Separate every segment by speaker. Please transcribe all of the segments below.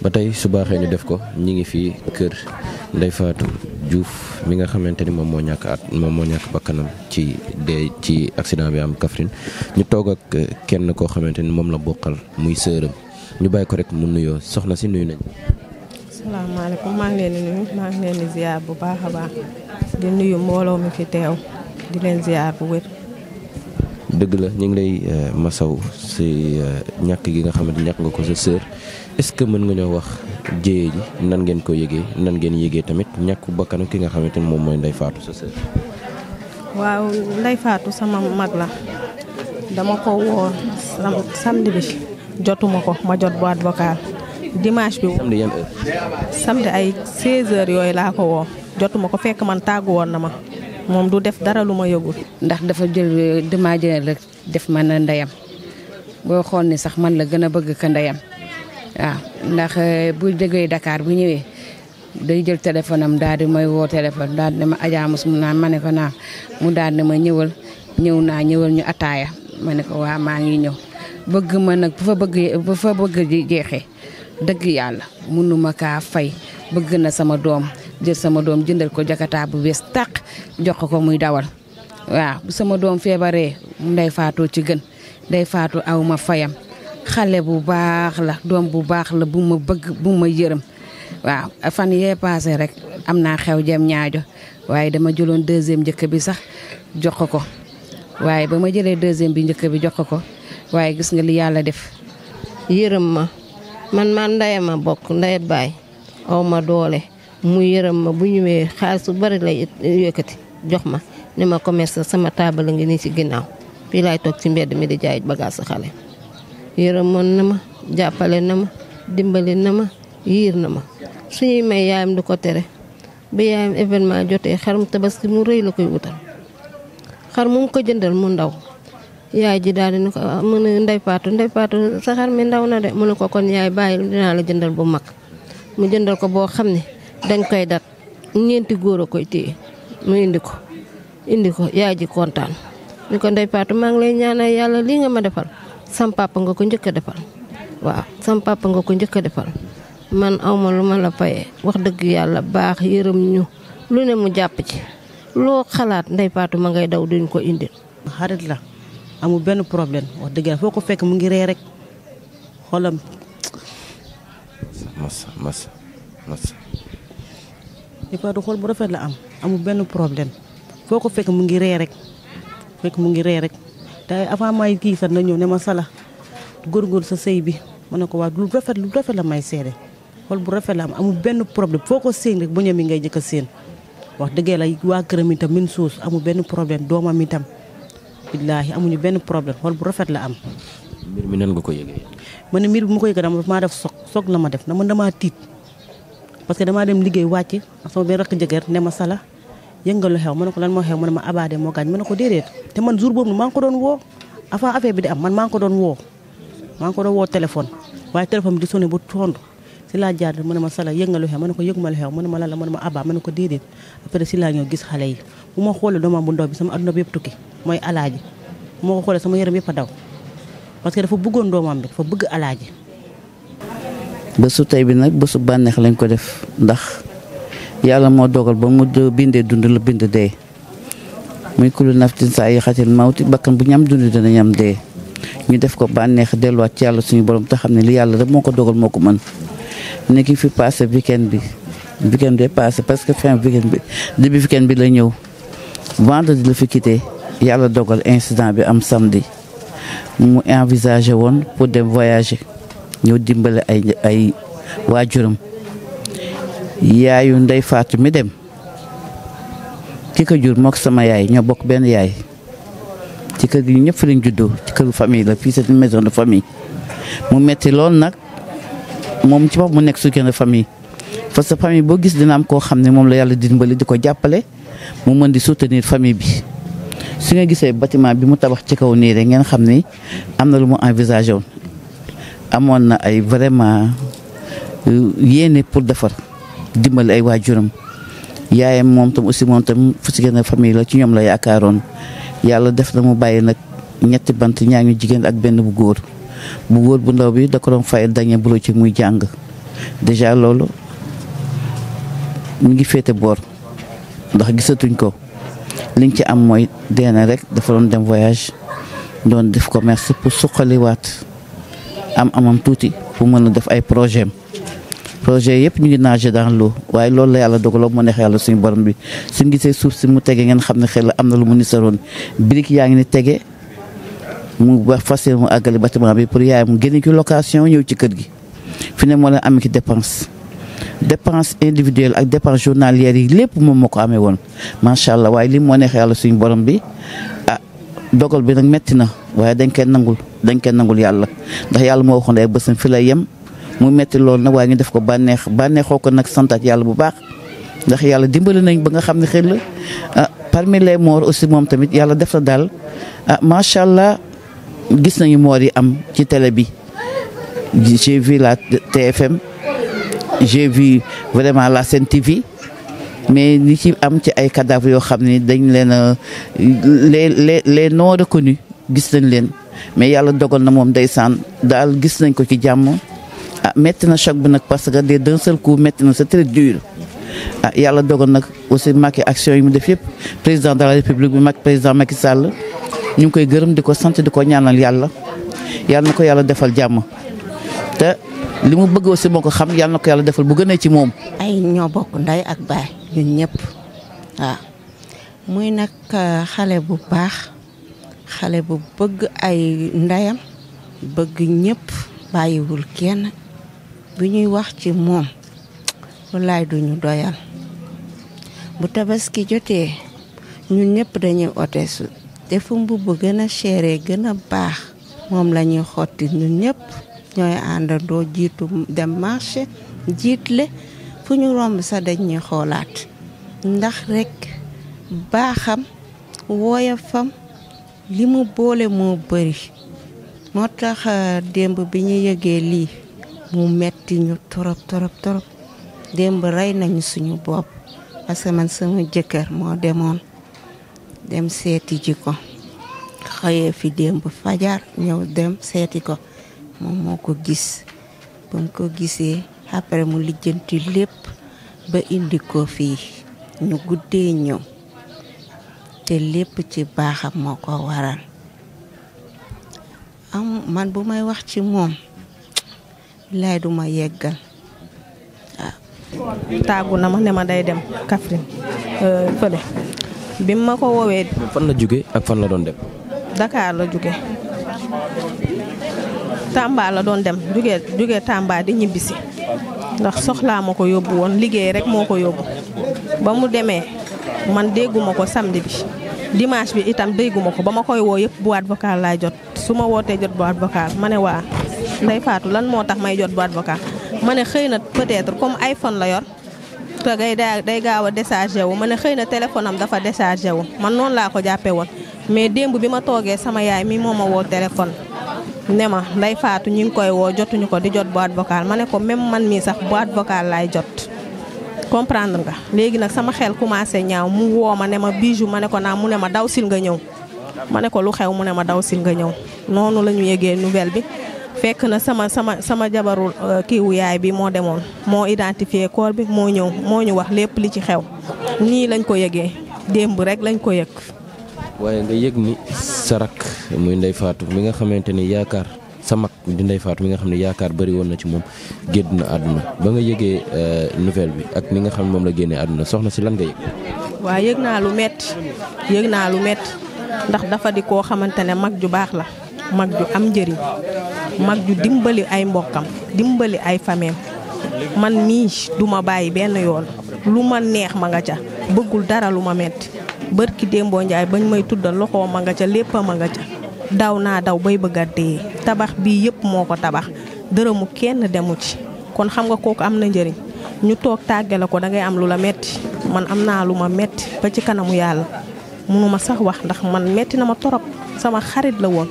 Speaker 1: ba tey su baaxee ñu def ko ñi ngi fii kër Ndeye Fatou Diouf mi nga xamante ni moom moo ñàkk at moom moo ñàkk bakkanam ci dee ci accident bi am kafrin ñu toog ak eh, kenn koo xamante ni moom la bokkal muy sëram ñu bàyyi ko rek mu nuyoo soxna si nuyu nañ
Speaker 2: asalaamaaleykum maa maa ngi leen di bu baax di nuyu mbooloo mi fi teew di leen ziar bu wér
Speaker 1: dëgg la ñu ngi lay eh, masaw si eh, ñàkk gi nga xamante ñàkk nga ko sa sër est mën nga ñoo wax jéye ji nan ngeen ko yëgee nan ngeen yëgee tamit ñàkku bakkanu ki nga xamante ni moom mooy Ndeye Fatou sa
Speaker 2: waaw Ndeye Fatou sama mag la dama ko woo samedi bi jotuma ko ma jot boîte vocale dimanche bi. samedi yan ay 16 yooyu laa ko woo jotuma ko fekk man tàggu woon na ma moom du def dara lu ma yëgul. ndax dafa jël damaa jël def man na ndeyam
Speaker 3: boo xool ne sax man la gën a bëgg ka ndeyam waaw ah, ndax eh, bu déggee dakaar bu ñëwee day jël téléphonam am daal di may woo téléphone daal di ma ajaamus mu naan ma ne ko naa mu daal di ma ñëwal ñëw naa ñëwal ñu ataaya ma ne ko waa maa ngi ñëw bëgg ma nag fa bëgg bu fa bëgg jeexee dëgg yàlla mënu ma kaa fay bëgg na sama doom jël sama doom jëndal ko jakataa bu bees tàq jox ko muy dawal waaw bu sama doom feebaree nday faatoo ci gën nday faatu aw ma fayam xale bu baax la doom bu baax la bu ma bëgg bu ma yërëm waaw fan yee passé rek am naa xew jëm ñaajo waaye dama jëloon deuxième njëkk bi sax jox ko waaye ba ma jëlee deuxième bi njëkk bi jox ko waaye gis nga li yàlla def yërëm ma man man ndeyam ma bokk ndey baay
Speaker 4: aw ma doole muy yërëm ma bu ñëwee xaalis bu bari lay yëkkati jox ma ni ma commerce sama taabal ngi nii ci ginnaaw fii laay toog ci mbedd mi di jaay bagage xale yërëmoon na ma jàppale na ma dimbali na ma yiir na ma suñuy may yaayam du ko tere ba yaayam événement jotee xarum tabaski mu rëy la koy wutal xar mu ngi ko jëndal mu ndaw yaay ji daal dina ko ah, mu ne ndey paatu ndey paatu sa xar mi ndaw na de mu ne ko kon yaay bàyyi dinaa la jëndal bu mag mu jëndal ko boo xam ne dañ koy dat ñeenti góor a koy téye mu indi ko indi ko yaay ji kontaan ni ko ndey paatu maa ngi lay ñaanal yàlla lii nga ma defal sam nga ko njëkk a defal waaw sam nga ko njëkk a defal man awma lu ma la fayee wax dëgg yàlla baax yërëm ñu lu ne mu jàpp ci loo xalaat ndey Faatu ma ngay daw duñ ko indi xarit la amul benn problème wax dëgg foo ko
Speaker 5: fekk mu ngi ree rek xolam. masa xol bu rafet la am amul benn problème foo ko fekk mu ngi ree rek fekk mu ngi ree rek. te avant may kii sax na ñëw ne ma sala góorgóor sa sëy bi ma ne ko waa lu rafet lu rafet la may seede xool bu rafet la am amul benn problème foo ko seen rek bu ñëwee ngay jëkk a séen wax dëggee waa këram itam min suus amul benn problème doomam itam billaahi amuñu benn problème xool bu rafet la am.
Speaker 1: mbir mi nan nga ko yëgee.
Speaker 5: ma ne mbir bi ma ko yëgee dama maa def soog soog la ma def na man damaa tiit parce que damaa dem liggéey wàcc ak sama benn rakk jëkkër ne ma sala yëngal lu xew ma ne ko lan moo xew mu ne ma abaade moo ma ko déedéet te man jour boobu maa ko doon woo avant affaire bi di am man maa ngi ko doon woo maa ngi ko doon woo téléphone waaye téléphone bi di sonné ba tond si laa jaar mu ne ma sala yëngal lu xew ma ne ko yëguma lu xew mu ne ma lan la mu ne ma abaa ma ne ko déedéet après si laa ñëw gis xale yi bu ma xoolee doomam bu ndaw bi sama adduna bi yëpp tukki mooy alaaji bu ko xoolee sama yaram yëpp a daw parce que dafa bëggoon doomam bi dafa bëgg alaaji
Speaker 6: bésu tey bi nag bésu bànneex lañ ko def ndax yàlla moo dogal ba mu bindee dund la bind dee muy kulu naftin saa yi xatil mawti bakkan bu ñam dund dina ñam dee ñu def ko bànneex delluwaat ci yàlla suñu borom te xam ne li yàlla rek moo ko dogal moo ko man mën nekki fi passé weekend bi weekend bi passé parce que fin weekend bi début weekend bi la ñëw vendredi la fi quitté yàlla dogal incident bi am samedi mu envisagé woon pour dem voyage ñëw dimbale ay ay waajuram yaayu ndey faatu mi dem ci ko jur mook sama yaay ñoo bokk benn yaay ci kër gi ñu ñëpp fi lañ këru famille la fii c'est une maison de famille mu metti lool nag moom ci bopp mu nekk soutien de famille parce que famille boo gis dina am koo xam ne moom la yàlla dimbali di ko jàppale mu mën di soutenir famille bi su nga gisee bâtiment bi mu tabax ci kaw nii rek ngeen xam ni am na lu mu envisagé woon amoon na ay vraiment euh, yéene pour defar dimbali ay waajuram yaayam moom tam aussi moom tam fu si gën a famille la ci ñoom la yaakaaroon yàlla def na mu bàyyi nag ñetti bant ñaa ngi jigéen ak benn bu góor bu góor bu ndaw bi da ko doon fay dañe bu ci muy jàng déjà loolu mu ngi féete boor ndax gisatuñ ko liñ ci am mooy deena rek dafa doon dem voyage doon def commerce pour suqaliwaat am amam tuuti pour mën a def ay projet am projet yëpp ñu ngi nager dans l'eau waaye loolu la yàlla dogaloo moo neex yàlla suñu borom bi suñu gisee suuf si mu tegee ngeen xam ne xel am na lu mu ni saroon birig yaa ngi ni tege mu ba facile mu àggale bâtiment bi pour yaay mu génne ki location ñëw ci kër gi fi ne moo leen amee ci dépense dépense individuelle ak dépense journalière yi lépp moom moo ko amee woon macha allah waaye li moo neex yàlla suñu borom bi ah dogal bi nag metti na waaye dañ koy nangul dañ koy nangul yàlla ndax yàlla moo waxoon rek fi lay yem. mu metti lool nag waa ñu def ko bànneex bànneexoo ko nag santaat yàlla bu baax ndax yàlla dimbali nañ ba nga xam ne xel la ah parmi les morts aussi moom tamit yàlla def na daal ah macha allah gis nañu morts yi am ci télé bi j'ai vu la TFM vraiment la Sen TV mais ni am ci ay cadavres yoo xam ne dañ leen a les les les non gis nañ leen mais yàlla dogal na moom ndeysaan daal gis nañ ko ci jàmm. ah métti na choc bi nag parce que de d'un seul coup métti na c'est très dur ah, yàlla dogal nag aussi Macky action yi mu def yëpp président de la république bi mag président Macky sal ñu ngi koy gërëm di ko sant di ko ñaanal yàlla yàlla na ko yàlla defal jàmm te li mu bëgg aussi moo ko xam yàlla na ko yàlla defal bu gënee ci moom.
Speaker 7: ay ñoo bokk ndey ak baay ñun ñëpp waaw muy nag ah, xale bu baax xale bu bëgg ay ndeyam bëgg kenn. bi ñuy wax ci moom wallaay duñu doyal bu tabaski jotee ñun ñëpp dañuy oteesu te fu mbubb gën a seere gën a baax moom lañuy xotti ñun ñëpp ñooy àndandoo jiitu dem marché jiitle fu ñu romb sax dañuy xoolaat ndax rekk baaxam wooyafam li mu boole moo bëri moo tax euh, démb bi ñu yëgee lii mu metti ñu torop torop démb rey nañu suñu bopp parce que man sama jëkkër moo demoon dem seeti ji ko xëyee fi démb fajar ñëw dem seeti ko moom moo ko gis ba mu ko gisee après mu lijjanti lépp ba indi ko fii ñu guddee ñëw te lépp ci baaxam moo ko waral am man
Speaker 2: bu may wax ci moom bilaay du ma yeggal tàggu na ma ne ma day dem Kaffrine euh, fële bi ma ko woowee.
Speaker 1: fan la jóge ak la doon dem.
Speaker 2: Dakar jóge Tamba la doon dem jóge jóge Tamba di ñibbisi ndax soxlaa ma ko yóbbu woon liggéey rek moo ko yóbbu ba mu demee man dégguma ko samedi bi dimanche bi itam dégguma ko ba ma koy woo yëpp boîte vocale laa jot su ma wootee jot boîte vocale ma ne waa Ndeye Fatou lan moo tax may jot bu avocat ma ne xëy na peut comme iPhone la yor te day day gaaw a déchargé wu ma ne xëy na téléphone am dafa déchargé wu man noonu laa ko jàppee woon. mais démb bi ma toogee sama yaay mi moo ma woo téléphone ne ma Ndeye faatu ñu ngi koy woo jotuñu ko di jot boîte vocale ma ne ko même man mii sax boîte vocale laay jot. comprendre nga léegi nag sama xel commencé ñaaw mu woo ma ne ma bijou ma ne ko naa mu ne ma daw sil nga ñëw ma ne ko lu xew mu ne ma daw sil nga ñëw noonu la ñu yëgee nouvelle bi. fekk na sama sama sama jabaru uh, kiiwu yaay bi moo demoon moo identifié corps bi moo ñëw moo ñu wax lépp li ci xew nii lañ ko yëgee démb rek lañ ko yëg.
Speaker 1: waaye nga yëg ni sarak muy Ndeye Fatou mi nga xamante ni yaakaar sa mag di Ndeye Fatou mi nga xam ne yaakaar bëri woon na ci moom génn na àdduna ba nga yëgee uh, nouvelle bi ak mi nga xam ne moom la génnee àdduna soxna si lan nga yëg.
Speaker 2: waaw yëg naa lu metti yëg naa lu metti ndax dafa di koo xamante ne mag ju baax la. mag ju am njëriñ mag ju dimbali ay mbokkam dimbali ay fameem man mii duma bàyyi benn yoon lu ma neex ma nga ca bëggul dara lu ma metti bërki démboo njaay bañ may tuddal loxo ma nga ca lépp ma nga ca daw naa daw bay bëgg a dee tabax bii yëpp moo ko tabax dërëmu kenn demu ci kon xam nga kooku am na njëriñ ñu toog tàggale ko da ngay am lu la metti man am naa lu ma metti ba ci kanamu yàlla mënuma sax wax ndax man metti na ma torop sama xarit la woon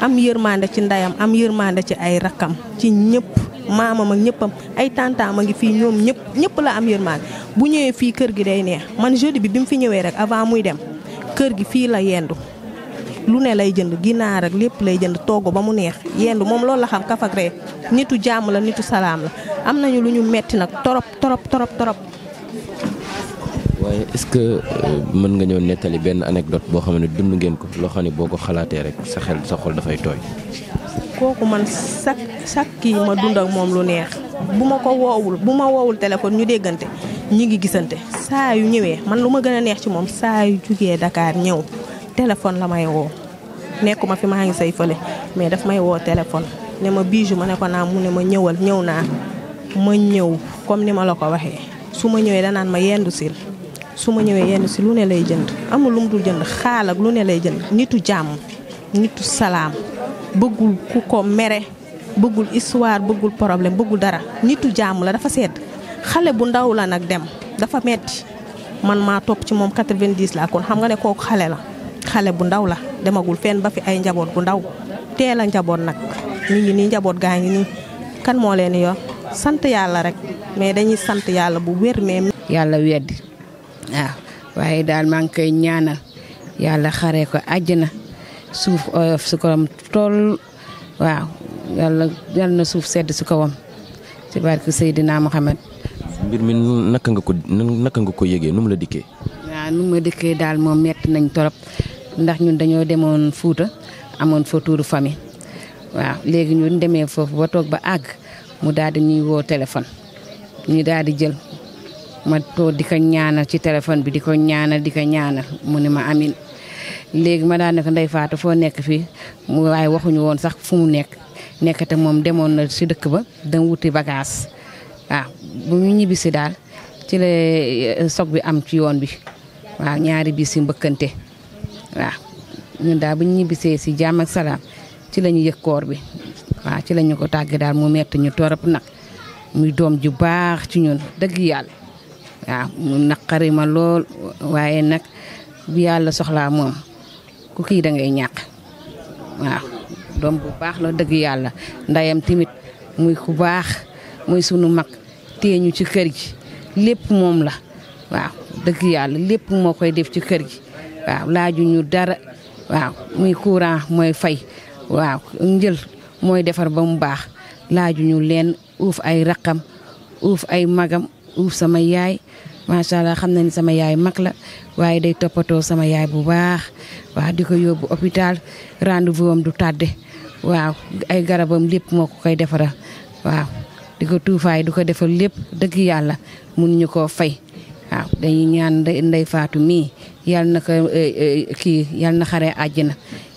Speaker 2: am yërmande ci ndeyam am yërmande ci ay rakkam ci ñëpp maamam ak ñëppam ay tantaam a ngi fii ñoom ñëpp ñëpp la am yërmande bu ñëwee fii kër gi day neex man jeudi bi bi mu fi ñëwee rek avant muy dem kër gi fii la yendu lu ne lay jënd ginaar ak lépp lay jënd togg ba mu neex yendu moom loolu la xam kafak ree nitu jàmm la nitu salaam la am nañu lu ñu metti nag torop torop torop torop
Speaker 1: waaye est-ce que euh, mën nga ñëw nettali benn anecdote boo xam ne dund ngeen ko loo xam ne boo ko xalaatee rek sa xel sa xol dafay tooy.
Speaker 2: kooku man chaque chaque kii ma dund ak moom lu neex bu ma ko woowul bu ma woowul téléphone ñu déggante ñi ngi gisante saa yu ñëwee man lu ma gën a neex ci moom saa yu jugee Dakar ñëw téléphone la may woo nekkuma fi maa ngi say fële mais daf may woo téléphone ne ma bijou ma ne ko naa mu ne ma ñëwal ñëw naa ma ñëw comme ni ma la ko waxee su ñëwee danaan ma yendu sil su ma ñëwee yenn si lu ne lay jënd amul lu mu dul jënd xaal ak lu ne lay jënd nitu jàmm nitu salaam bëggul ku ko mere bëggul histoire bëggul problème bëggul dara nitu jàmm la dafa sedd xale bu ndaw la nag dem dafa metti man maa topp ci moom 90 la kon xam nga ne kooku xale la xale bu ndaw la demagul fenn ba fi ay njaboot bu ndaw teel a njaboot nag ñu njaboot gaa ngi nii kan moo leen yor sant yàlla rek mais dañuy sant yàlla bu wér mais. yàlla weddi. waaw ah, waaye daal maa ngi koy ñaanal
Speaker 3: yàlla xare ko àjjana suuf oyof si kawam tool waaw yàlla yàlla na suuf sedd si kawam si barke Seydina Mohamed.
Speaker 1: mbir mi naka nga ko naka nga ko yëgee nu la dikkee.
Speaker 3: waaw nu ma dikkee daal moom metti nañ torop ndax ñun dañoo demoon Fuuta amoon fa tuuru famille waaw léegi ñun demee foofu ba toog ba àgg mu daal di ñuy woo téléphone ñu daal di jël. ma toog di ko ñaana ci téléphone bi di ko ñaanal di ko ñaana mu ne ma amin léegi ma daan ne ko Ndeye Fatou foo nekk fii mu waaye waxuñu woon sax fu mu nekk nekkate moom demoon na si dëkk ba dama wuti bagage waaw bu ñibbisi daal ci la eh, soog bi am ci yoon bi waaw ñaari bi si mbëkkante waaw ñun daal bu ñibbisee si jàmm ak salaam ci la ñu yëg koor bi waaw ci la ñu ko tàgg daal mu metti ñu torop nag muy doom ju baax ci ñun dëgg yàlla waaw mu naqari ma lool waaye nag bu yàlla soxlaa moom ku kii dangay ñàq ñàkk waaw doom bu baax la dëgg yàlla ndeyam tamit muy ku baax muy sunu mag téye ci kër gi lépp moom la waaw dëgg yàlla lépp moo koy def ci kër gi waaw laaju ñu dara waaw muy courant mooy fay waaw njël mooy defar ba mu baax laaju leen uuf ay raqam uuf ay magam uuf sama yaay macha allah xam na ni sama yaay mag la waaye day toppatoo sama yaay bu baax waaw di ko yóbbu hôpital rendez-vous du tàdde waaw ay garabam lépp moo ko koy defaral waaw di ko tuufaay du ko defal lépp dëgg yàlla mun ñu koo fay waaw dañuy ñaan ndey faatu mii yal na ko eh, eh, kii yal na xaree na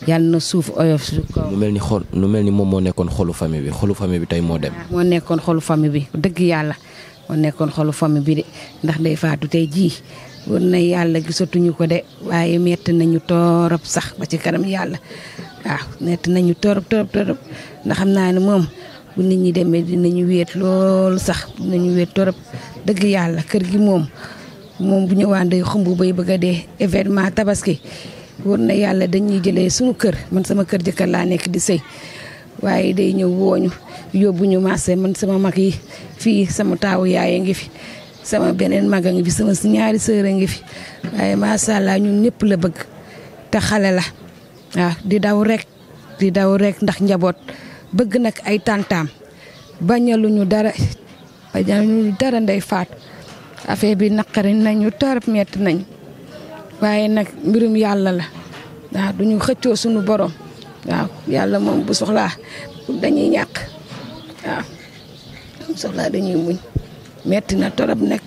Speaker 3: yal na suuf oyof su
Speaker 1: ko mel ni xol lu mel ni moom moo nekkoon xolu famille bi xolu famille bi tey moo dem
Speaker 3: moo nekkoon xolu famille bi dëgg yàlla moo nekkoon xolu famille bi de ndax day faatu tey jii war na yàlla gisatuñu ko de waaye metti nañu torop sax ba ci kanam yàlla waaw metti nañu torop torop torop ndax xam naa ne moom bu nit ñi demee dinañu weet loolu sax nañu weet torop dëgg yàlla kër gi moom moom bu ñëwaan day xumb bay bëgg a dee événement tabaski war na yàlla dañuy jële suñu kër man sama kër jëkkër laa nekk di sëy waaye day ñëw wooñu yóbbu ñu marché man sama mag yi fii sama taawu yaay a ngi fi sama beneen mag a ngi fi sama ñaari sœur a ngi fi waaye macha allah ñun ñëpp la bëgg te xale la waaw di daw rekk di daw rekk ndax njaboot bëgg nag ay tàntaam bañaluñu dara bañaluñu dara ndey faatu affaire bi naqari nañu torop metti nañu waaye nag mbirum yàlla la waaw duñu xëccoo sunu borom. waaw yàlla moom bu soxlaa dañuy ñàkk waaw bu soxlaa dañuy muñ metti na torop nag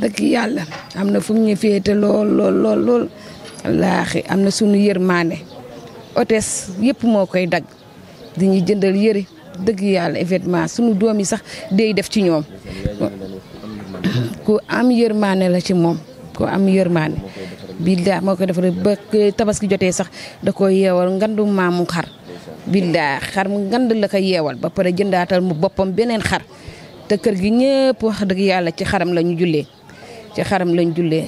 Speaker 3: dëgg yàlla am na fu mu ñu féete lool lool lool lool am na sunu yërmaane hôtesse yëpp moo koy dagg dañuy jëndal yëri dëgg yàlla événement sunu doom yi sax day def ci ñoom ku am yërmaane la ci moom ku am yërmaane billaah moo koy defar ba tabaski jotee sax da koy yeewal ngandu maamu xar billaah xar mu ngand la ko yeewal ba pare jëndaatal mu boppam beneen xar te kër gi ñëpp wax dëgg yàlla ci xaram lañu ñu jullee ci xaram lañ jullee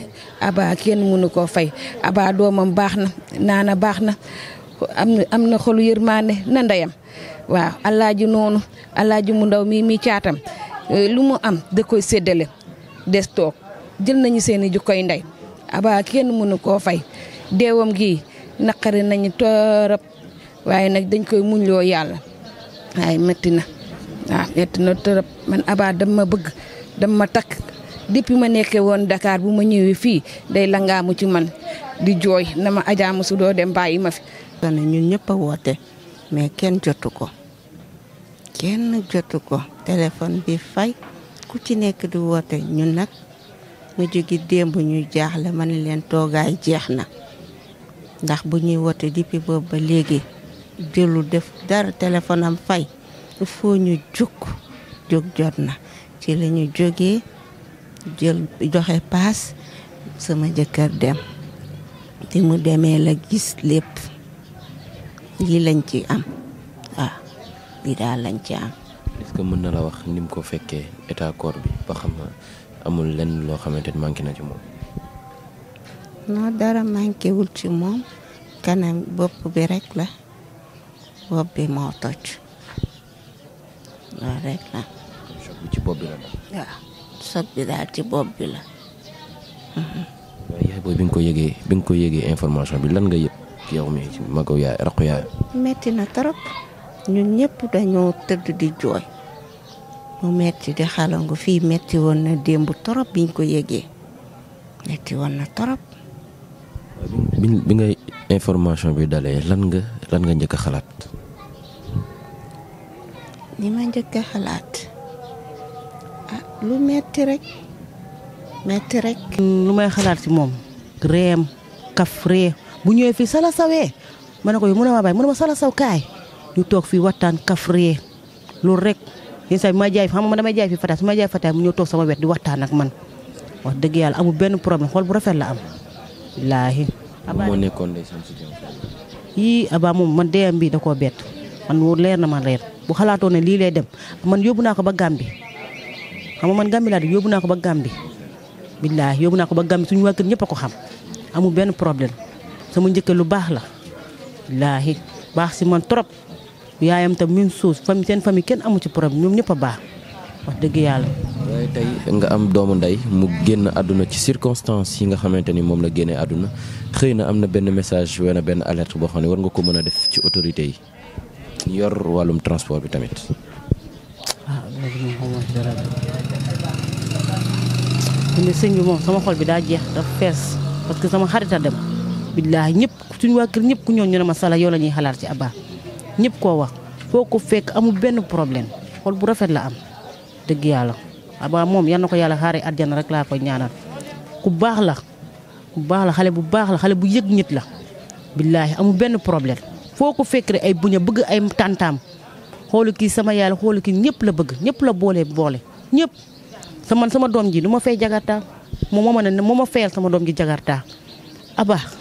Speaker 3: aba kenn mënu koo fay aba doomam baax na naana baax na am na xolu yërmaande na ndeyam waaw alaaji noonu alaaji mu ndaw mi mi caatam lu mu am da koy séddale des toog jël nañu seeni jukkoy ndey aba kenn mënu koo fay deewam gi naqari nañu torop waaye nag dañ koy muñloo yàlla waaye métti na waaw métti na torop man aba dama bëgg dama takk depuis ma nekkee woon Dakar bu ma ñëwee fii day langaamu ci man di jooy na ma ajaamu su dem bàyyi ma fi. ñun ñëpp a woote mais kenn jotu ko
Speaker 7: kenn jotu ko téléphone bi fay ku ci nekk di woote ñun nag. mujj gi démb ñuy jaaxle ma ni leen toogaay jeex na ndax bu ñuy wote depuis boobu ba léegi jëlu def dara téléphone am fay ñu jóg jóg jot na ci la ñu jógee jël joxe paas sama jëkkër dem te mu demee la gis lépp lii lañ ci am waaw lii daal lañ ci am.
Speaker 1: amul lenn loo xamante ni manqué na ci moom.
Speaker 7: non dara manqué ci moom kanam bopp bi rek la bopp bi moo toj
Speaker 1: loolu bi ci bopp bi
Speaker 7: bi daal ci bopp bi la.
Speaker 1: Mhm. yaay booy bi nga ko yëgee bi nga ko yëgee information bi lan nga yëg ci yow mi ci yaay raqu yaay.
Speaker 7: metti na trop ñun ñëpp dañoo tëdd di jooy. mu metti di xalangu fii metti woon na démb torop biñ ko yëgee metti woon na torop
Speaker 1: bi nga information bi dalee lan nga lan nga njëkk xalaat
Speaker 7: ni ma njëkk a xalaat ah lu metti rek
Speaker 5: metti rek lu may xalaat moom reem kaf ree bu ñëwee fi sala sawee ma ne ko yu mun a ma bàyyi mun a ma sala kaay ñu toog fii waxtaan kaf ree rek yenn saa yi may jaay xam nga damay jaay fi fataay su may fataay mu ñëw toog sama wet di waxtaan ak man wax dëgg yàlla amul benn problème xool bu rafet la am. billaahi. yii abaa moom man deyam bi da koo bett man leer na ma reer bu xalaatoo ne lii lay dem man yóbbu naa ko ba Gàmbi xam nga man Gàmbi laa di yóbbu naa ko ba Gàmbi. billaahi yóbbu naa ko ba Gàmbi suñu waa kër ko xam amul benn problème sama njëkk lu baax la billaahi baax si man trop. yaayam tam même chose famille seen famille kenn amu ci problème ñoom ñëpp a baax wax dëgg yàlla.
Speaker 1: waaye tey nga am doomu ndey mu génn àdduna ci circonstances yi nga xamante ni moom la génnee àdduna xëy na am na benn message wala benn alerte boo xam ne war nga ko mën a def ci autorité yi yor wàllum transport bi tamit.
Speaker 5: Ah, ne sëñ bi moom sama xol bi daa jeex dafa sama xarit a dem billaahi ñëpp suñu waa kër ñëpp ku ñëw ñu ne ma sala yow la ñuy xalaat ci abaa ñëpp koo wax foo ko fekk amul benn problème xool bu rafet la am dëgg yàlla waaw moom yan na ko yàlla xaare àjjana rek laa koy ñaana ku baax la ku baax la xale bu baax la xale bu yëg nit la billaahi amu benn problème foo ko fekk rek ay buña bëgg ay tàntaam xoolu kii sama yàlla xoolu kii ñëpp la bëgg ñëpp la boole boole ñëpp sama sama doom ji du ma fay jagarta moom moo ma ne moo ma fayal sama doom ji jagarta abaa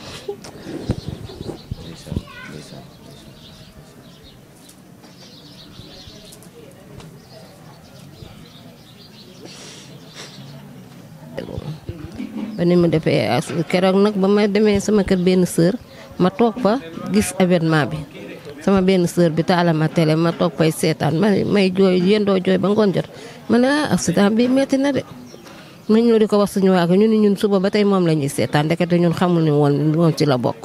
Speaker 4: ba ni mu defee keroog nag ba ma demee sama kër benn sœur ma toog fa gis événement bi sama benn sœur bi taala ma ma toog fay seetaan ma may jooy yendoo jooy ba ngoon jot ma ne ah bi metti na de ma ñëw di ko wax suñu waa ko ñu ni ñun suba ba tey moom la ñuy seetaan ndekete ñun xamul ni woon moom ci la bokk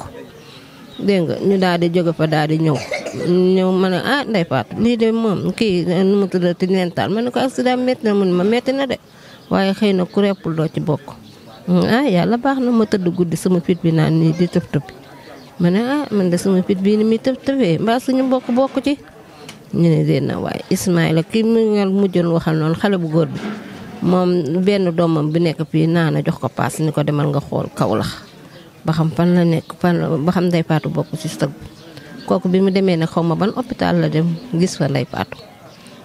Speaker 4: dégg nga ñu daal di jóge fa daal di ñëw ñëw ma ne ah Ndeye Fatou lii de moom kii nu mu tuddati nentaan ma ne ko accident metti na mun ma metti na de waaye xëy na ku reppul doo ci bokk Mm. ah yàlla baax na ma tëdd guddi sama fit bi naan nii di tëb tëb ma ne ah man de sama fit bii ni muy tëb tëbee mbaa suñu bokk bokk ci. ñu ne dee na waaye Ismaïla ki mu ngeen mujjoon waxal noonu xale bu góor bi moom benn doomam bu nekk fii a jox ko paas ni ko demal nga xool Kawlax ba xam fan la nekk fan ba xam Ndeye Fatou bokk ci sëg kooku bi mu demee ne xaw ma ban hôpital la dem gis fa Ndeye Fatou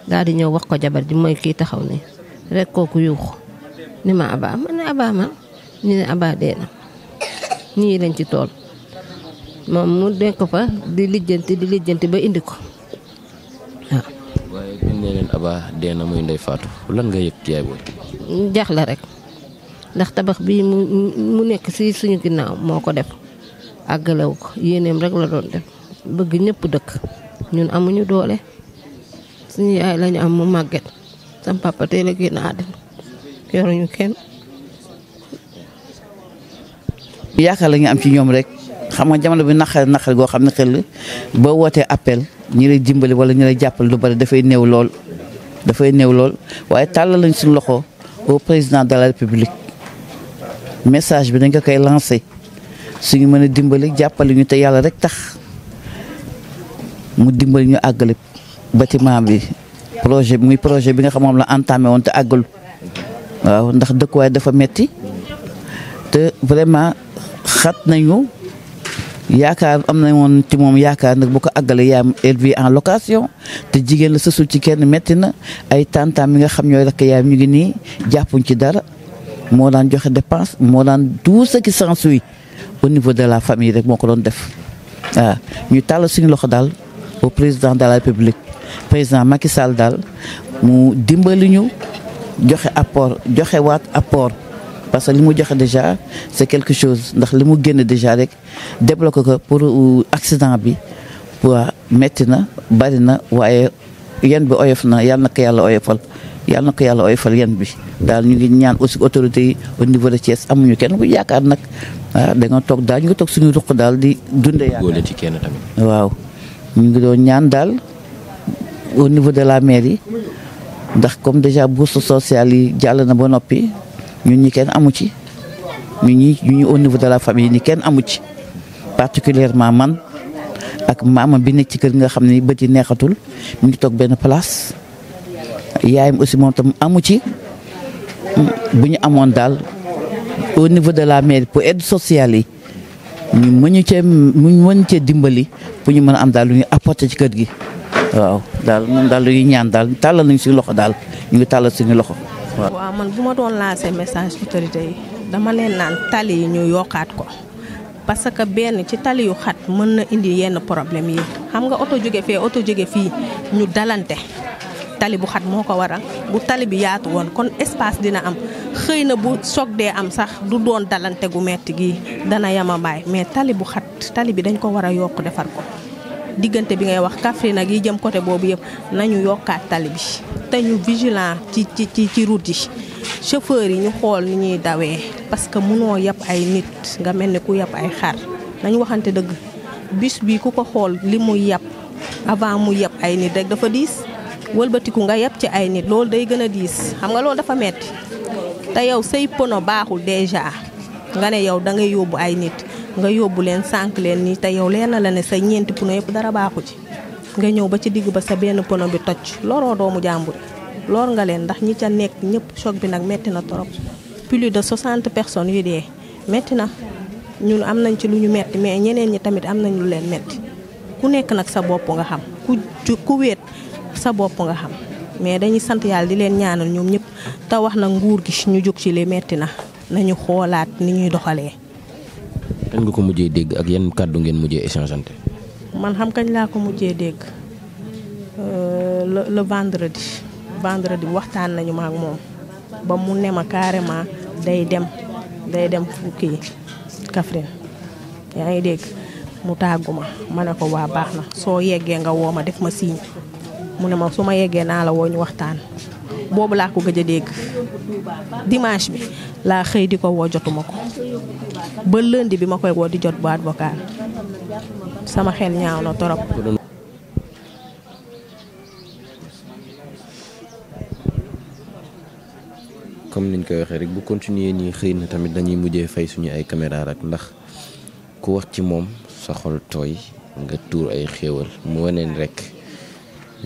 Speaker 4: daal di ñëw wax ko jabar ji mooy kii taxaw nii rek ñu ne abaa dee na nii lañ ci tool moom mu denc ko fa di lijjanti di lijjanti ba indi ko
Speaker 1: waaw. waaye bu ñu leen abaa dee na muy ndey faatu lan nga yëg yaay booy.
Speaker 4: jaaxle rek ndax tabax bii mu mu nekk si suñu ginnaaw moo ko def àggalewu ko yéeneem rek la doon def bëgg ñëpp dëkk ñun amuñu doole suñu yaay lañu am mu màgget sam papa teel a génn àddina
Speaker 6: kenn. yaakaar la ñu am ci ñoom rek xam nga jamono bi naqar naqar goo xam ne xel boo wootee appel ñi lay dimbali wala ñi lay jàppale lu bari dafay néew lool. dafay néew lool waaye tàllal lañ suñu loxo au président de la république message bi dañ ko koy lancé suñu mën a dimbali jàppale ñu te yàlla rek tax mu dimbali ñu àggale bâtiment bi projet muy projet bi nga xam moom la entamé woon te àggalu waaw ndax dëkkuwaay dafa metti te vraiment. xat nañu yaakaar am na woon ti moom yaakaar nag bu ko àggale yaam élevé en location te jigéen la sësul ci kenn métti na ay tantaam mi nga xam ñooy rakk yaayam ñu ngi nii jàppuñ ci dara moo daan joxe dépense moo daan tout ce qui s'ensuit au niveau de la famille rek moo ko doon def waaw ñu tàll suñu loxo daal au président de la république président Macky Sall daal mu dimbali ñu joxe apport joxe waat apport parce que li mu joxe déjà c'est quelque chose ndax li mu génne déjà rek débloqué ko pour euh, accident bi waa metti na bari na waaye yan bi oyof na yàlla na ko yàlla oyofal yàlla na ko yàlla oyofal yan bi daal ñu ngi ñaan aussi autorités yi au niveau de Thiès amuñu kenn ku yaakaar nag waaw da nga toog daal ñu ngi toog suñu ruq daal di dundee yaakaar ci waaw ñu ngi doon ñaan daal au niveau de la yi ndax comme déjà bourse sociale yi jàll na ba noppi ñun ñi kenn amu ci ñu ñi ñu au niveau de la famille ñi kenn amu ci particulièrement man ak maama bi nekk ci kër nga xam ne bët yi neexatul mi ngi toog benn place yaayam aussi moom tam amu ci bu ñu amoon daal au niveau de la mairie pour aide sociale yi ñu mëñu cee mu mën cee dimbali pour ñu mën a am daal lu ñu apporter ci kër gi waaw daal moom daal lu ñuy ñaan daal tàllal nañ suñu loxo daal ñu ngi tàllal suñu loxo waaw
Speaker 2: man bu ma doon lancer message autorité yi dama leen naan tali yi ñu yokkaat ko parce que benn ci tali yu xat mën na indi yenn problème yi xam nga oto jóge fee oto jóge fii ñu dalante tali bu xat moo ko waral bu tali bi yaatu woon kon espace dina am xëy na bu soog dee am sax du doon dalante gu metti gi dana yamambaay mais tali bu xat tali bi dañ ko war a yokk defar ko diggante bi ngay wax Kaffrine nag yi jëm côté boobu yëpp nañu yokkaat tali bi te ñu vigilant ci ci ci ci route yi chauffeur yi ñu xool ni ñuy dawee parce que mënoo yàpp ay nit nga mel ni ku yàpp ay xar nañu waxante dëgg bis bi ku ko xool li mu yàpp avant mu yàpp ay nit rek dafa diis wëlbatiku nga yàpp ci ay nit loolu day gën a diis xam nga loolu dafa metti te yow say pono baaxul déjà nga ne yow da ngay yóbbu ay nit nga yóbbu leen sànq leen nii te yow leen la ne sa ñeenti pono yëpp dara baaxu ci nga ñëw ba ci digg ba sa benn pono bi toj loroo doomu jàmbur lor nga leen ndax ñi ca nekk ñëpp sook bi nag metti na torop plus de 60 personnes yu dee metti na ñun am nañ ci lu ñu metti mais ñeneen ñi tamit am nañu lu leen metti ku nekk nag sa bopp nga xam ku ju ku wéet sa bopp nga xam mais dañuy sant yàlla di leen ñaanal ñoom ñëpp te wax na nguur gi ñu jóg ci li metti na nañu xoolaat ni ñuy doxalee.
Speaker 1: kan nga ko mujjee dégg ak yan kàddu ngeen mujjee échangeante.
Speaker 2: man xam kañ laa ko mujjee dégg euh, le le vendredi vendredi waxtaan nañu ma ak moom ba mu ne ma carrément day dem day dem fukki yi yaa ngi dégg mu tàggu ma ma ne ko waa baax na soo yeggee nga woo ma def ma signe mu ne ma su ma yeggee naa la woo ñu waxtaan boobu laa ko gëj a dégg dimanche bi laa xëy di ko woo jotuma ko ba lundi bi ma koy woo di jot bu avocat sama xel ñaaw na torop
Speaker 1: comme niñ koy waxee rek bu continuer nii xëy na tamit dañuy mujjee fay suñu ay caméra rek ndax ku wax ci moom sa xol tooy nga tuur ay xéewal mu waneen rek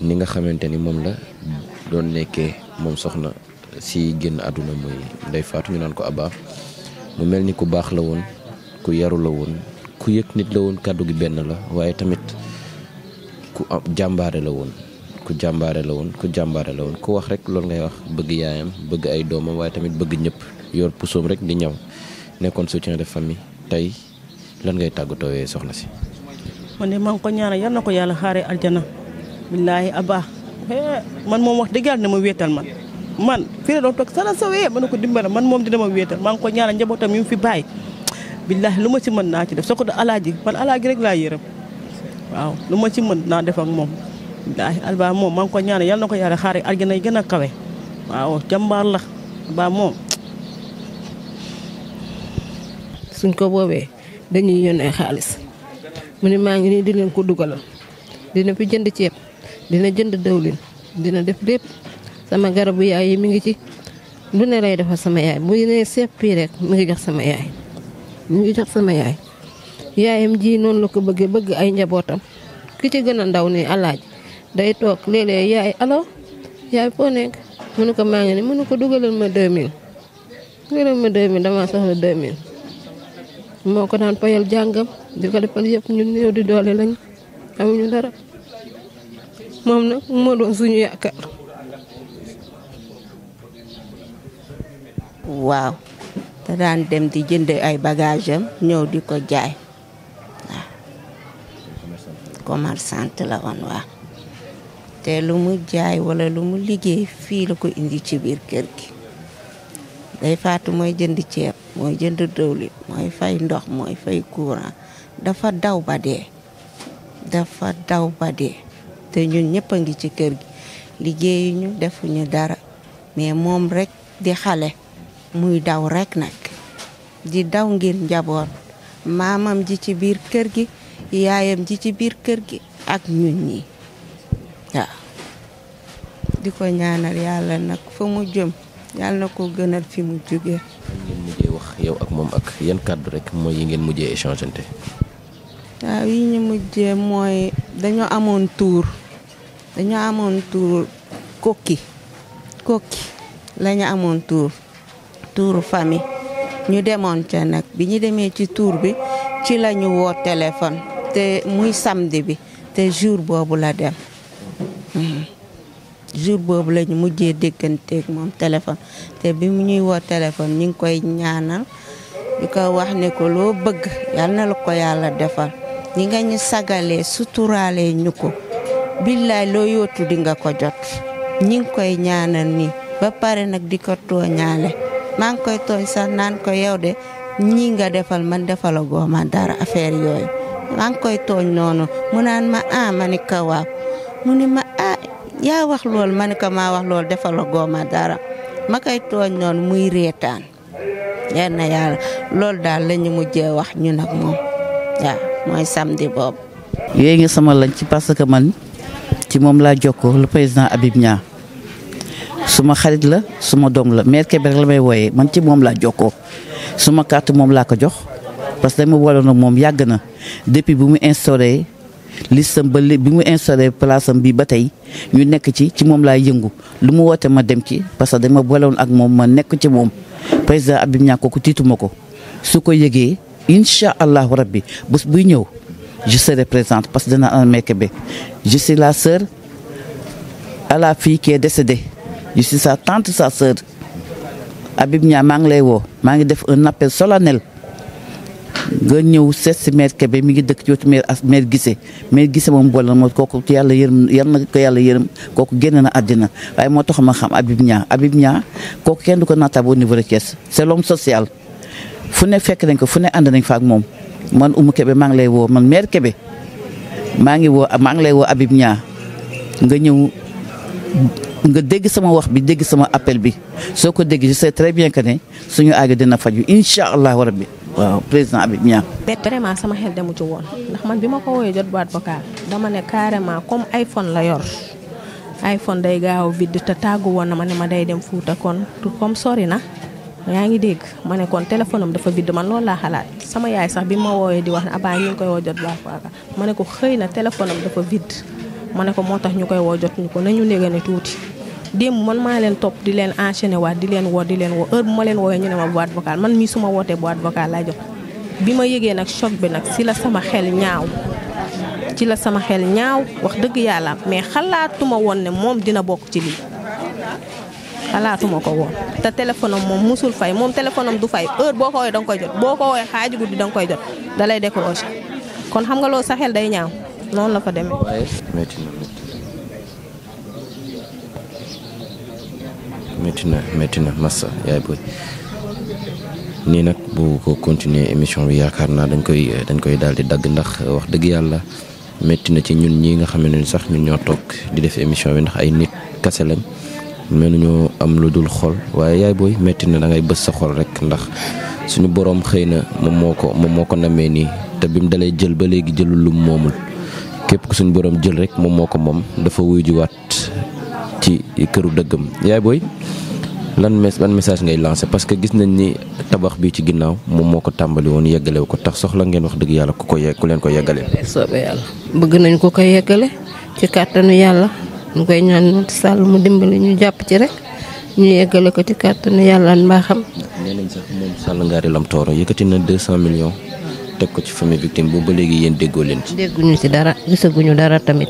Speaker 1: ni nga xamante ni moom la doon nekkee moom soxna si génn àdduna muy Ndeye Fatou ñu naan ko Abba mu mel ni ku baax la woon ku yaru la woon ku yëg nit la woon kàddu gi benn la waaye tamit ku am jàmbaare la woon ku jàmbaare la woon ku jàmbaare la woon ku wax rek loolu ngay wax bëgg yaayam bëgg ay doomam waaye tamit bëgg ñëpp yor pusoom rek di ñaw nekkoon soutien de famille tey lan ngay tàggatoowee soxna si.
Speaker 5: man de maa ngi ko ñaanal yal na ko yàlla xaaree aljana. billaahi abaa man moom wax dëgg yàlla dina ma wéetal man. man fii la doon toog sala sawee mën na ko dimbale man moom dina ma wéetal maa ngi ko ñaanal fi bàyyi. billaahi lu ma ci mën naa ci def soo ko de alaaji man alaaji rek laa yërëm waaw lu ma ci mën naa def moom billaahi alba moom maa ngi ko ñaanal yàlla na ko yàlla xaare aljana yi gën a kawe waaw jàmbaar la ba moom
Speaker 4: suñ ko boobee dañuy yónnee xaalis mu ne maa ngi nii di leen ko dina fi jënd ceeb dina jënd dawlin dina def lépp sama garabu yaay yi mi ngi ci lu ne lay defal sama yaay bu ne sepp rek mi ngi jox sama yaay ñu ngi sama yaay yaayam ji noonu la ko bëggee bëgg ay njabootam ki ci gën a ndaw nii alaaj day toog léeg-léeg yaay alo yaay foo nekk mënu ko maa ngi ni ko dugalal ma 2000 dugalal ma 2000 dama soxla 2000 moo ko daan fayal jàngam di ko yëpp ñun ñëw di doole lañ amuñu dara moom nag moo doon suñu yaakaar
Speaker 7: waaw te daan dem di jënd ay bagage ñëw di ko jaay waaw commerçante la woon waaw te lu mu jaay wala lu mu liggéey fii la ko indi ci biir kër gi day faatu mooy jënd ceeb mooy jënd dëwlin mooy fay ndox mooy fay courant dafa daw ba dee dafa daw ba dee te ñun ñëpp a ngi ci kër gi liggéeyuñu defuñu dara mais moom rekk di xale muy daw rekk nag di daw ngir njaboot maamam ji ci biir kër gi yaayam ji ci biir kër gi ak ñun ñi di ko ñaanal yàlla nag fa mu jëm yàlla ko gënal fi mu jóge
Speaker 1: ngeen mujjee wax yow ak moom ak yan kàddu rek mooy yi ngeen mujjee échange te
Speaker 7: ñu mujjee mooy dañoo amoon tuur dañoo amoon tuur kokki kokki lañu amoon tuur tuuru famille ñu demoon ca nag bi ñu demee ci tuur bi ci lañu woo téléphone te muy samedi bi te jour boobu la dem hmm. jour boobu la ñu mujjee dégganteeg moom téléphone te bi mu ñuy woo téléphone ñu ngi koy ñaanal ñu ko wax ne ko loo bëgg yal na la ko yàlla defal ñi nga ñu sagalee suturaalee ñu ko billaay loo yootu di nga ko jot ñi koy ñaanal nii ba pare nag di ko tooñaale maa ngi koy tooñ sax naan ko yow de ñii nga defal man defalagoo ma dara affaire yooyu maa ngi koy tooñ noonu mu naan ma ah ma ni ko mu ni ma ah yaa wax lool ma ni ko maa wax loolu defalagoo ma dara ma koy tooñ noonu muy reetaan yal na yàlla loolu daal la ñu mujjee wax ñu nag moom waaw mooy samedi boobu.
Speaker 6: yooyu nga sama lañ ci parce que man ci moom laa jokkoo le président Habib Niang suma xarit la suma doom la maire Kébé rek la may wooyee man ci moom laa jokkoo suma carte moom laa ko jox parce que dama waloon ak moom yàgg na depuis bu mu instauré listam ba bi mu instauré place am bii ba tey ñu nekk ci ci moom laay yëngu lu mu woote ma dem ci parce que dama waloon ak moom ma nekk ci moom président Habib Niang kooku tiituma ko su ko yëgee incha allahu rabbi bés buy ñëw je serai présente parce que dana am Kébé je suis la sœur à la fille qui je suis sa tante sa sœur Habib Niang maa ngi lay woo maa ngi def un appel solennel nga ñëw seet si maire Kébé mi ngi dëkk ci wetu maire as maire Gissé maire Gissé moom boole ma kooku yàlla yërëm yal na ko yàlla yërëm kooku génn na àddina waaye moo tax ma xam Habib Niang Habib Niang kooku kenn du ko naataab au niveau de Thiès c'est l'homme social fu ne fekk nañ ko fu ne ànd nañ moom man Oumou Kébé maa ngi lay woo man maire Kébé maa ngi woo maa ngi lay woo Habib Niang nga ñëw. nga dégg sama wax bi dégg sama appel bi soo ko dégg je sais très bien que ne suñu aajo dina faju incha allahu rabbi waaw président bi
Speaker 2: ma ko woowee jot boîte vocale dama ne carrément comme iPhone la yor iPhone day gaaw vide te tàggu woon na ma ne ma day dem Fuuta kon comme sori na. yaa ngi dégg ma ne kon téléphone am dafa bidd man loolu laa xalaat sama yaay sax bi ma woowee di wax ne abaa ñu koy woo jot baax ma ne ko xëy na téléphone dafa vide ma ne ko moo tax ñu koy woo jotuñu ñu ko nañu négé ne tuuti démb man maa leen topp di leen enchaîné waat di leen woo di leen woo heure bu ma leen woowee ñu ne ma boîte vocale man mii su ma wootee boîte vocale laa jot bi ma yëgee nag choc bi nag ci la sama xel ñaaw ci la sama xel ñaaw wax dëgg yàlla mais xalaatuma woon ne moom dina bokk ci lii xalaatuma ko woon te téléphone moom musul fay moom téléphone du fay heure boo ko woowee danga koy jot boo ko woowee xaaju guddi danga koy jot da lay décroché kon xam nga loolu sa day ñaaw noonu la fa demee.
Speaker 1: waaye métti na metti na métti na massa yaay booy nii nag bu ko continuer émission bi yaakaar naa dañ koy dañ koy daal di dagg ndax wax dëgg yàlla metti na ci ñun ñi nga xam ne sax ñun ñoo toog di def émission bi ndax ay nit kase lañ mënuñoo am lu dul xol waaye yaay booy métti na da bës sa xol rek ndax suñu boroom xëy na moom moo ko moom ko namee nii te bi mu dalee jël ba léegi jëlul lum moomul. képp ku suñ boroom jël rek moom moo ko moom dafa wuyu juwaat ci këru dëggam yaay booy lan mes ban message ngay lancé parce que gis nañ ni tabax bi ci ginnaaw moom moo ko tàmbali woon yeggalewu ko tax soxla ngeen wax dëgg yàlla ku ko ku leen ko yeggale
Speaker 6: soobee yàlla
Speaker 4: bëgg nañ ko koy yeggale ci kàttanu yàlla ñu koy ñaan Macky Sall mu dimbali ñu jàpp ci rek ñu yeggale ko ci kàttanu yàlla mbaa xam.
Speaker 1: nee nañ sax Lam Tooro yëkkati na 200 millions. teg ko ci famille victime boobu ba léegi yéen déggoo leen ci.
Speaker 4: dégguñu ci dara gisaguñu dara tamit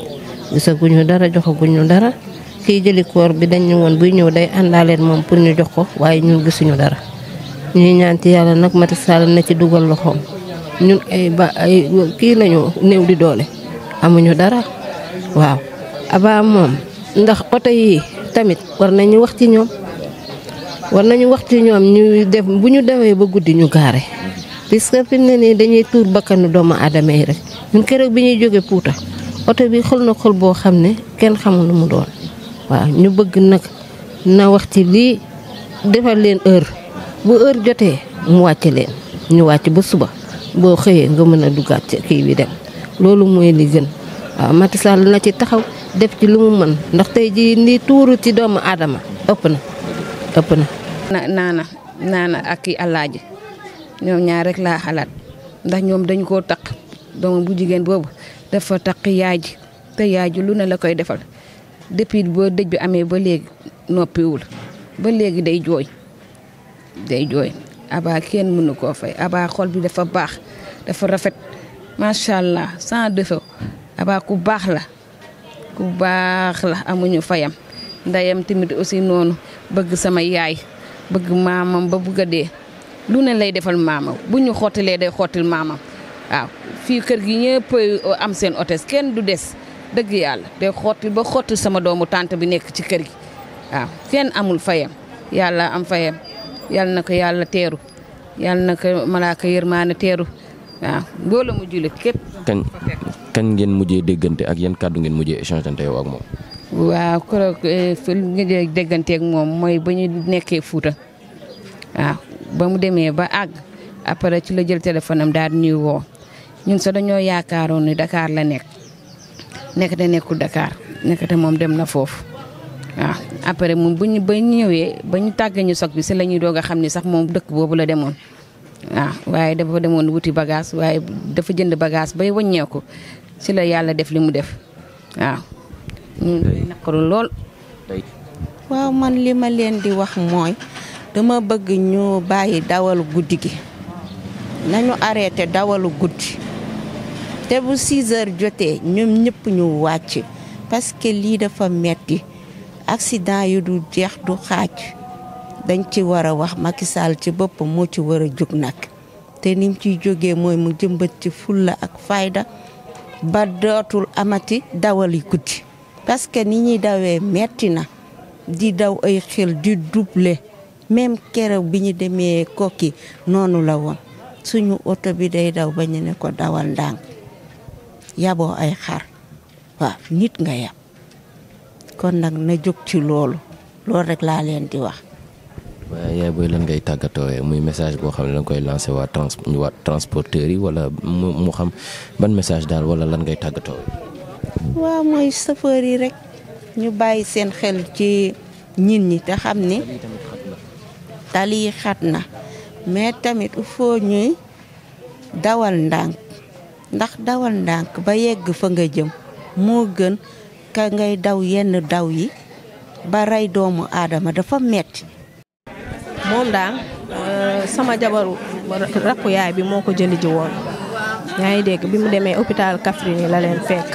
Speaker 4: gisaguñu dara joxaguñu dara kii jëli koor bi dañ ñu woon buy ñëw day àndaaleen moom pour ñu jox ko waaye ñun gisuñu dara ñuy ñaan ci yàlla nag Macky Sall na ci dugal loxoom ñun ay ba kii lañu néew di doole amuñu dara waaw. Aba moom ndax oto yi tamit war nañu wax ci ñoom war nañu wax ci ñoom ñu def bu ñu dawee ba guddi ñu gaare. parce que fi mu ne dañuy tuur bakkanu doomu aadama yi rek ñun keroog bi ñuy jóge Pouta oto bi xol na xol boo xam ne kenn xamul nu mu doon waaw ñu bëgg nag na wax ci lii defal leen heure bu heure jotee mu wàcce leen ñu wàcc ba suba boo xëyee nga mën a duggaat ci kii bi dem loolu mooy li gën waaw Macky Sall na ci taxaw def ci lu mu mën ndax tey jii nii tuuru ci doomu aadama ëpp na ëpp na.
Speaker 3: naana naana ak i alaaji ñoom ñaar rek laa xalaat ndax ñoom dañ koo taq doom bu jigéen boobu dafa taq yaay ji te yaay ji lu ne la koy defal depuis boo dëj bi amee ba léegi noppiwul ba léegi day jooy day jooy abaa kenn mënu koo fay abaa xol bi dafa baax dafa rafet macha allah sans défaut abaa ku baax la ku baax la amuñu fayam ndeyam tamit aussi noonu bëgg sama yaay bëgg maamam ba bugg a dee lu ne lay defal maamam bu ñu xottilee day xottil maamam waaw fii kër gi ñëpp uh, am seen hôtesse kenn du des dëgg yàlla day xottil ba xotti sama doomu tante bi nekk ci kër gi waaw kenn amul fayam yàlla am fayam yàlla na ko yàlla teeru yàlla na ko malaaka yërmaane teeru waaw loolu mu jullit képp.
Speaker 1: kañ kañ ngeen mujjee déggante ak yan kàddu ngeen mujjee échange ante yow ak moom.
Speaker 3: waaw keroog eh, fi ngeen déggante ak moom mooy ba ñu nekkee Fuuta waaw ba mu demee ba àgg après ci la jël téléphone am daal di ñuy woo ñun sax dañoo yaakaaroon ni Dakar la nekk nekk da nekkul dakaar nekk moom dem na foofu waaw. après moom bu ñu ba ñëwee ba ñu tàggee ñu soog bi si la ñuy doog a xam ni sax moom dëkk boobu la demoon. waaw waaye dafa demoon wuti bagage waaye dafa jënd bagage bay wëññeeku ci la yàlla def li mu def waaw. ñu
Speaker 7: man li ma leen di wax mooy. dama bëgg ñu bàyyi dawalu guddi gi nañu arrêté dawalu guddi te bu 6 jotee ñoom ñëpp ñu wàcc parce lii dafa metti accident yu du jeex du xaaj dañ ci war a wax Macky ci bopp moo ci war a jóg nag te nim ciy jóge mooy mu jëmbët ci fulla ak fayda ba dootul amati dawali guddi parce que ni ñuy dawee metti na di daw ay xel di doubler même keroog bi ñu demee kokki noonu la woon suñu oto bi day daw ba ñu ne ko dawal ndànk yaboo ay xar waaw nit nga yab kon nag na jóg ci loolu loolu rek laa leen di wax.
Speaker 1: yaay booy lan ngay tàggatoo muy message boo xam ne da koy lancé waa trans waa yi wala mu xam ban message daal wala lan ngay tàggatoo.
Speaker 7: waaw mooy chauffeur yi rek ñu bàyyi seen xel ci nit ñi te xam ne. tali yi xat na mais tamit il faut ñuy dawal ndànk ndax dawal ndànk ba yegg fa nga jëm moo gën ka ngay daw yenn daw yi ba rey doomu aadama dafa metti
Speaker 2: moom daal euh, sama jabaru rakku yaay bi moo ko jëli ji woon yaa ngi dégg bi mu demee hôpital Kaffrine yi la leen fekk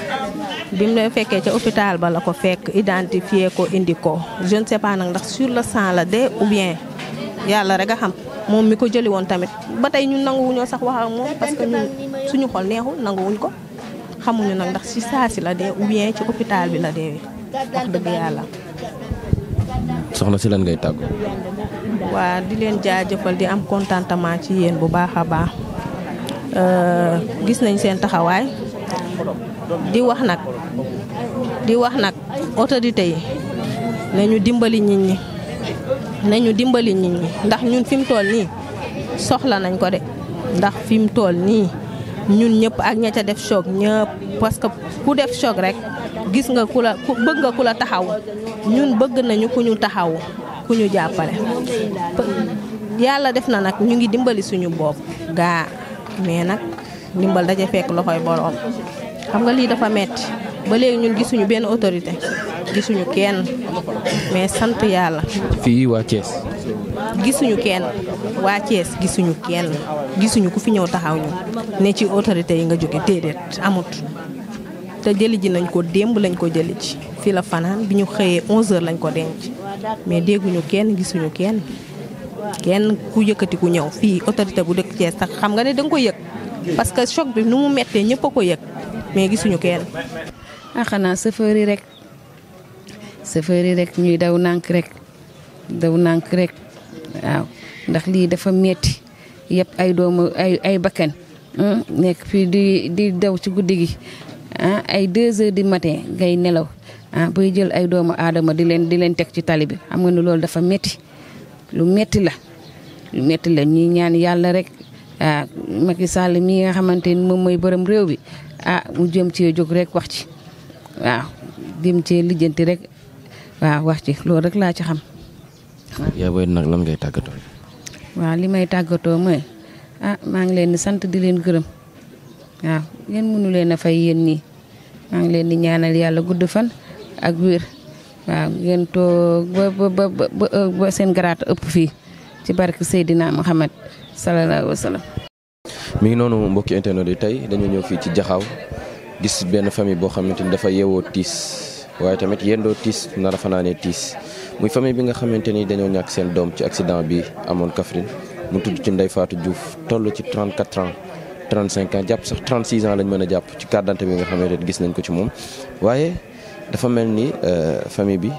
Speaker 2: bi mu leen fekkee ca hôpital ba la ko fekk identifié ko indi ko je ne sais ndax sur le sang la de ou bien yàlla rek a xam moom mi ko jëli woon tamit ba tey ñun nanguwuñoo sax wax ak moom parce ñun suñu xol neexul nanguwuñ ko xamuñu nag ndax ci saa si la dee ou bien ci hôpital bi la dee wax dëgg
Speaker 1: soxna si lan ngay tàggoo.
Speaker 2: waa di leen jaajëfal di am contentement ci yéen bu baax a baax euh, gis nañ seen taxawaay di wax nag di wax nag autorité yi nañu dimbali nit ñi. nañu dimbali nit ñi ndax ñun fi mu toll nii soxla nañ ko de ndax fi mu toll nii ñun ñëpp ak ña ca def choc ñëpp parce que ku def choc rek gis nga ku la ku bëgg nga ku la taxaw ñun bëgg nañu ku ñu taxaw ku ñu jàppale. yàlla def na nag ñu ngi dimbali suñu bopp gaa mais nag ndimbal daje fekk loxoy boroom xam nga lii dafa metti ba léegi ñun gisuñu benn autorité. gisuñu kenn mais sant yàlla.
Speaker 1: fii waa Thiès.
Speaker 2: gisuñu kenn waa Thiès gisuñu kenn gisuñu ku fi ñëw taxaw ñu ne ci autorité yi nga jóge déedéet amut. te jëli ji nañ ko démb lañ ko jëli ci fii la fanaan bi ñu xëyee 11h lañ ko denc mais dégguñu kenn gisuñu kenn kenn ku yëkkati ku ñëw fii autorité bu dëkk Thiès sax xam nga ne danga ko yëg parce que choc bi nu mu mettee ñëpp a ko yëg mais gisuñu kenn. ah rek. chauffeur
Speaker 3: rek ñuy daw nànk rek daw nànk rek waaw ndax lii dafa metti yëpp ay doomu ay ay bakkan hmm, nekk fii di di daw ci guddi gi ah, ay deux heures du matin ngay nelaw ah bay jël ay doomu aadama di leen di leen teg ci tali bi xam nga nu loolu dafa metti lu metti la lu metti la ñuy ñaan yàlla rek ah Macky Sall mii nga xamante ni moom mooy borom réew bi ah mu jëm cee jóg rek wax ci waaw jëm cee lijjanti rek waa wax ci loolu rek laa ci xam.
Speaker 1: yaa booy nag lan ngay tàggatoo.
Speaker 3: waaw li may tàggatoo mooy a ah, maa ngi leen sant di leen gërëm waaw mënu leen a fay yéen nii maa ngi leen di ñaanal yàlla gudd fan ak wér waaw ngeen toog ba seen garaat ëpp fii ci barke Seydina Muhammad sallallahu alayhi wa sallam.
Speaker 1: ngi noonu mbokki internet yi tey dañoo ñëw fii ci jaxaaw gis benn famille boo xamante ni dafa yeewoo tiis. waaye tamit yendoo tiis nar a fanaanee tiis muy famille bi nga xamante ni dañoo ñàkk seen doom ci accident bi amoon Kaffrine mu tudd ci Ndeye faatu Diouf toll ci 34 ans 35 ans jàpp sax 36 ans lañ mën a jàpp ci kàddante bi nga xamante ni gis nañ ko ci moom waaye dafa mel ni euh, famille bi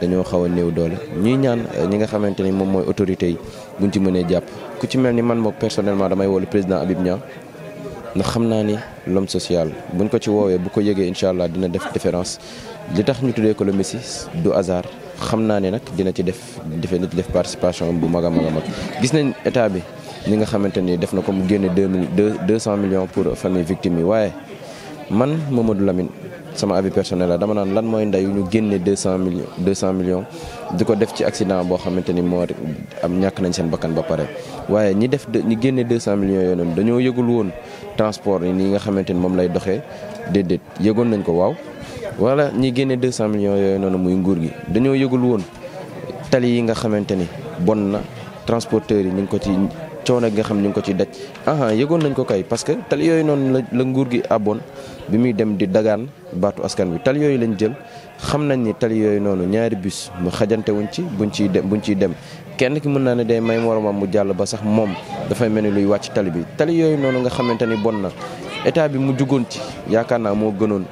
Speaker 1: dañoo xaw a néew doole ñuy ñaan euh, ñi nga xamante ni moom mooy autorité yi buñ ci mënee jàpp ku ci mel ni man mook personnellement damay wolu président Habib Niang na xam naa ni l'homme social buñ ko ci woowee bu ko yëgee incha allah dina def différence li tax ñu tuddee ko le Messi du hasard xam naa ne nag dina ci def def dina ci def participation bu mag a mag mag gis nañ état bi ñi nga xamante ni def na ko mu génne deux mille deux cent pour famille victime yi waaye man Mamadou Lamine sama avis personnel la dama naan lan mooy ndeyu ñu génne deux cent millions deux cent millions di ko def ci accident boo xamante ni moo am ñàkk nañ seen bakkan ba pare waaye ñi def ñi génne deux cent millions yooyu noonu dañoo yëgul woon transport yi nga xamante ni moom lay doxee déedéet yëgoon nañ ko waaw wala ñi génne 200 millions yooyu noonu muy nguur gi dañoo yëgul woon tali yi nga xamante ni bon na transporteurs yi ñu ngi ko ci coono nga xam ñu ngi ko ci daj. aha yëgoon nañ ko kay parce que tali yooyu noonu la la nguur gi abon bi muy dem di dagaan baatu askan wi tali yooyu lañ jël xam nañ ni tali yooyu noonu ñaari bus mu xajantewuñ wuñ ci buñ ciy dem buñ ciy dem. kenn ki mën naa ne day may moromam mu jàll ba sax moom dafay mel ni luy wàcc tali bi tali yooyu noonu nga xamante ni bon na état bi mu jugoon ci yaakaar naa moo gënoon.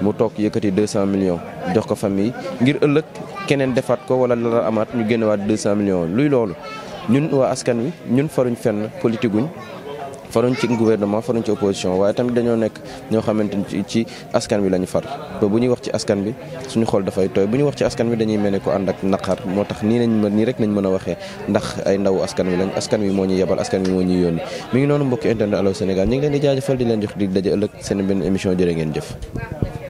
Speaker 1: mu toog yëkkati 200 millions jox ko famille ngir ëllëg keneen defaat ko wala nar a amaat ñu génnewaat 200 millions luy loolu ñun waa askan wi ñun faruñ fenn politique guñ faruñ ci gouvernement faruñ ci opposition waaye tamit dañoo nekk ñoo xamante ni ci askan wi la ñu far ba bu ñuy wax ci askan bi suñu xol dafay tooy bu ñuy wax ci askan bi dañuy mel ne ko ànd ak naqar moo tax nii nañ nii rek nañ mën a waxee ndax ay ndaw askan wi lañ askan wi moo ñuy yebal a wi moo ñuy yónni mi ngi noonu mbokki internet Allô Sénégal di jaajëfal di leen jox di daje ëllëg seen benn émission jërë ngeen